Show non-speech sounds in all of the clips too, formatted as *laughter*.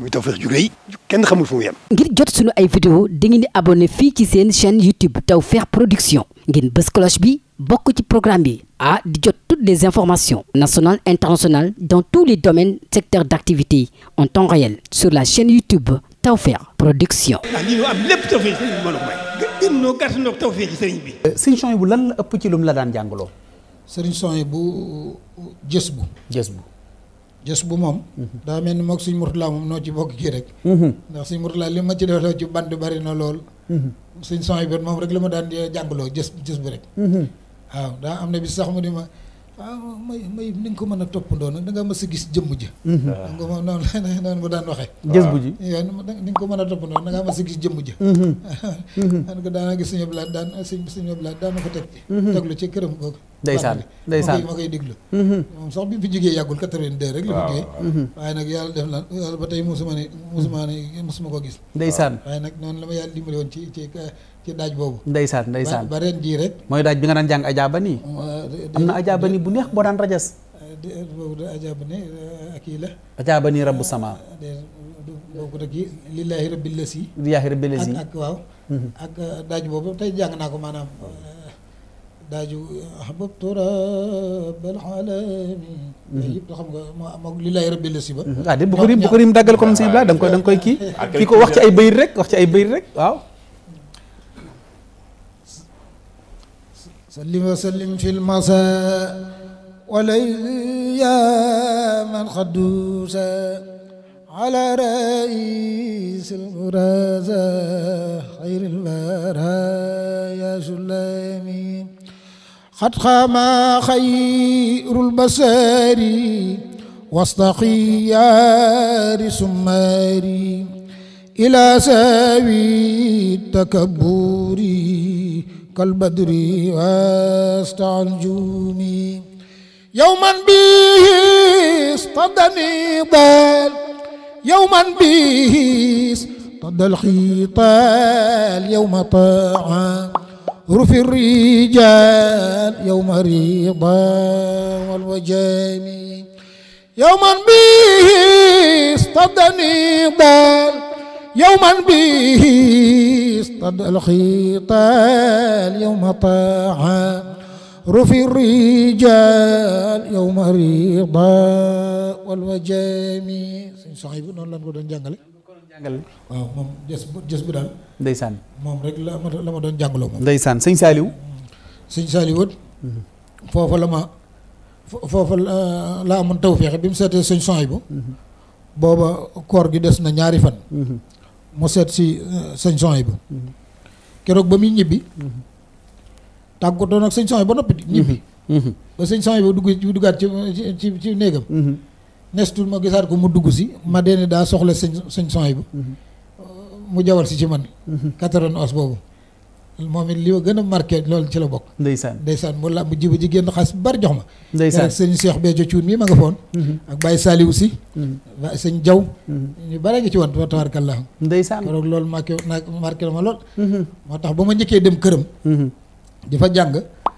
muy Tawfekh ju rëy kenn xamul fu mu ngir jot sunu ay vidéo dangeen di abonné fii ci seen chaîne YouTube Tawfekh Production ngeen bës cloche bi bokk ci programme bi ah di jot toutes les informations nationales internationales dans tous les domaines secteurs d'activité en temps réel sur la chaîne YouTube Tawfekh Production. ah lii am lépp Tawfekh sëriñ bi mën a may. gën noo bi. Euh, bu lan la ëpp ci lu la daan jàngaloo. sëriñ Son bu jës bu. jës bu. jës bu moom mhm. daa mel ni mook suñ murtulaa moom noo ci bokk kii rek mhm. ndax suñ murtulaa li ma ci defloo ci band bari na lool suñ sony bét moom rek li ma daan jàngaloo jës jës bi rek mhm. waaw daa am na bis sax mu di ma ah may may ni nga ko mën a toppandoo nag da nga mës a gis jëmm ji. waaw nga moom noonu la *laughs* noonu mu daan waxee. jës bu ji waaw ni nga ko mën a toppandoo da nga mës a gis jëmm ji. *laughs* daanaka daanaka gis suñu blaat daan suñu suñu blaat daan na ko teg. teglu ci këram googu. ndeysaan ndeysaan ma koy déglu mhm. moom sax bi fi jógee yàggul de rek la fi jógee waaye nag yàlla def na yàlla ba tey musuma ne musuma ne musuma ko gis ndeysaan waaye nag noonu la ma yàlla dimbali woon ci ci ci daaj boobu ndeysaan ndeysaan ba ren jii rek mooy daaj bi nga daan jàng ajaaba am na ajaaba nii bu neex boo daan rajas boobu da ajaaba ne kii la ajaaba nii rabbu sama euh, boobu nag yi lillaahi rabbil lasi lillaahi rabbil lasi ak ak mhm. euh, daaj boobu tey jàng naa ko maanaam daaju ahbabtu rabbal alamin. Mhm. yooyu yëpp xam nga ma ma li lay rëbbi la si ba. waaw mhm. ah, de bu ko rim bu ko rim daggal comme si bla da nga koy da nga koy kii. Ah, kii ko wax ci ay bayit rek wax ci ay bayit rek waaw. sallim wa sallim fi lmasa walayyaman xadduusa ala rais almurasa xayril wara xat xamaa xayrul basaari wasta xiyaari summaari ilaa saawi takabbuuri kalbadri wasta aljuuni yowman biis taddani daal yowman biis taddal xiitaal yowma taa رفي الرجال يوم رضا والوجام يوما به اصطدى النضال يوما به اصطدى الخيطال يوم طاعا رفي الرجال يوم رضا والوجام سعيد نون لان كو دون جانغالي jàngal. waaw moom jës bu jës bu daal. ndeysaan moom rek la ma la ma doon jàngaloo moom. ndeysaan sëñ Saaliw. sëñ Saaliw it. foofa la ma foofa la amoon tawféex bi mu seetee sëñ son bu booba koor gi des na ñaari fan. mu seet si euh, sëñ son bu keroog ba muy ñibbi. tàggatoo nag sëñ son ba noppi. ñibbi. Mhm. Mhm. ba sëñ son bu duggaat ci ci ci néegam. Mhm. nestul ma gisaat ko mu dugg si ma dee ne daa soxla sëñ sëñ sony bu mhm. mu jawal si ci man mhm. quatrevingt os boobu moom it li ma gën a marqué loolu ci la bokk ndeysaan saan mu làmb jiba ji génn xaalis bari jox ma ndeysaan sëñ Cheikh Béthio Thioune mii ma nga foon mhm. ak Baye Saliou si Baye sëñ Diaw ñu bare ngi ci woon tabarakallah ndeysaan keroog loolu marqué na marqué na ma lool moo tax ba ma njëkkee dem këram di fa jàng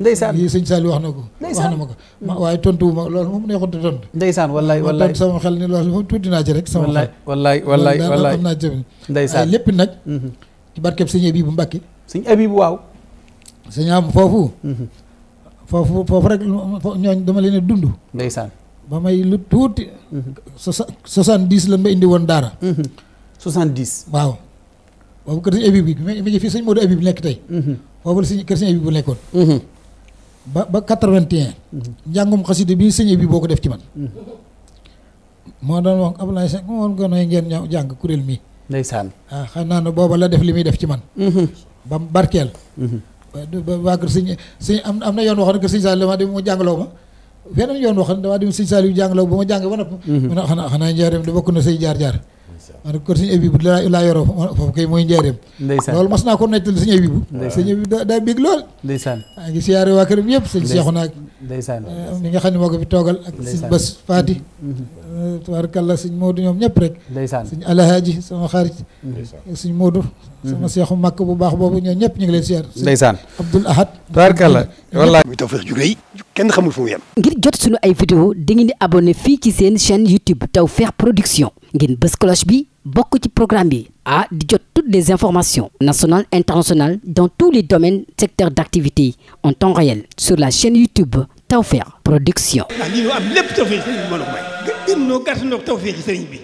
ndeysaan lii sëñ Saliou wax na ko. wax na ma ko ma waaye tontu wu ma loolu moom neexut a tontu. ndeysaan wallaay wallaay tontu sama xel ni loolu moom tuuti naa ci rek. sama xel wallaay wallaay wallaay am naa ci ndeysaan lépp nag. Mhm. ci barkeb sëñ Abibu Mbàkke. sëñ Abibu waaw. sëñ am foofu. Mhm. foofu foofu rek ñooñ dama leen a dund. ndeysaan ba may lu tuuti. Mhm. soixante dix la ma indi woon daara. soixante dix. waaw boobu kër sëñ Abibu bi mi ngi fi sëñ Modou Abibu nekk tey. foofu la sëñ kër sëñ Abibu nekkoon. ba ba quatre-vingt-un njàngum xasida bi sëñe bi boo ko def ci man moo doon wax Ablaye Seck moo woon gënoy ngeen ñëw jàng kuréel mi ndeysaan ah xam naa ne booba la def li muy def ci man mhm. ba mu barkeel mhm. waa kër sëñ sëñ am am na yoon waxoon que sëñ Saliou damaa dem mu jàngaloo ma beneen yoon waxoon damaa dem sëñ Saliou jàngaloo ba ma jàng ba noppi mhm. mu ne xanaa xanaa njaareem di bokk na say jaar-jaar maanaam kër suñu Abibu la laa yoroo foofu kay mooy njaareem ndeysaan loolu mas naa ko nettali suñu Abibu suñu Abibu daa bég lool ndeysaan maa ngi siyaare waa këram yëpp sëñ Seexu naag ndeysaan eh, mi nga xam moo ko fi toogal ak mm-hmm. eh, eh, mm-hmm. bu baax boobu ñoom ñëpp ñu ngi leen siyaar ndeysaan Abdoul Ahad tubaarkalla kenn xamul fu mu yem ngir jot suñu ay vidéo di ngeen di abonné fii ci seen chaîne YouTube Tawfekh Production ngeen bës cloche bi bokk ci programme bi di jot toutes les informations nationales internationales dans tous les domaines secteurs d'activité en temps réel sur la chaîne YouTube Tawfekh Production. Ah, am lépp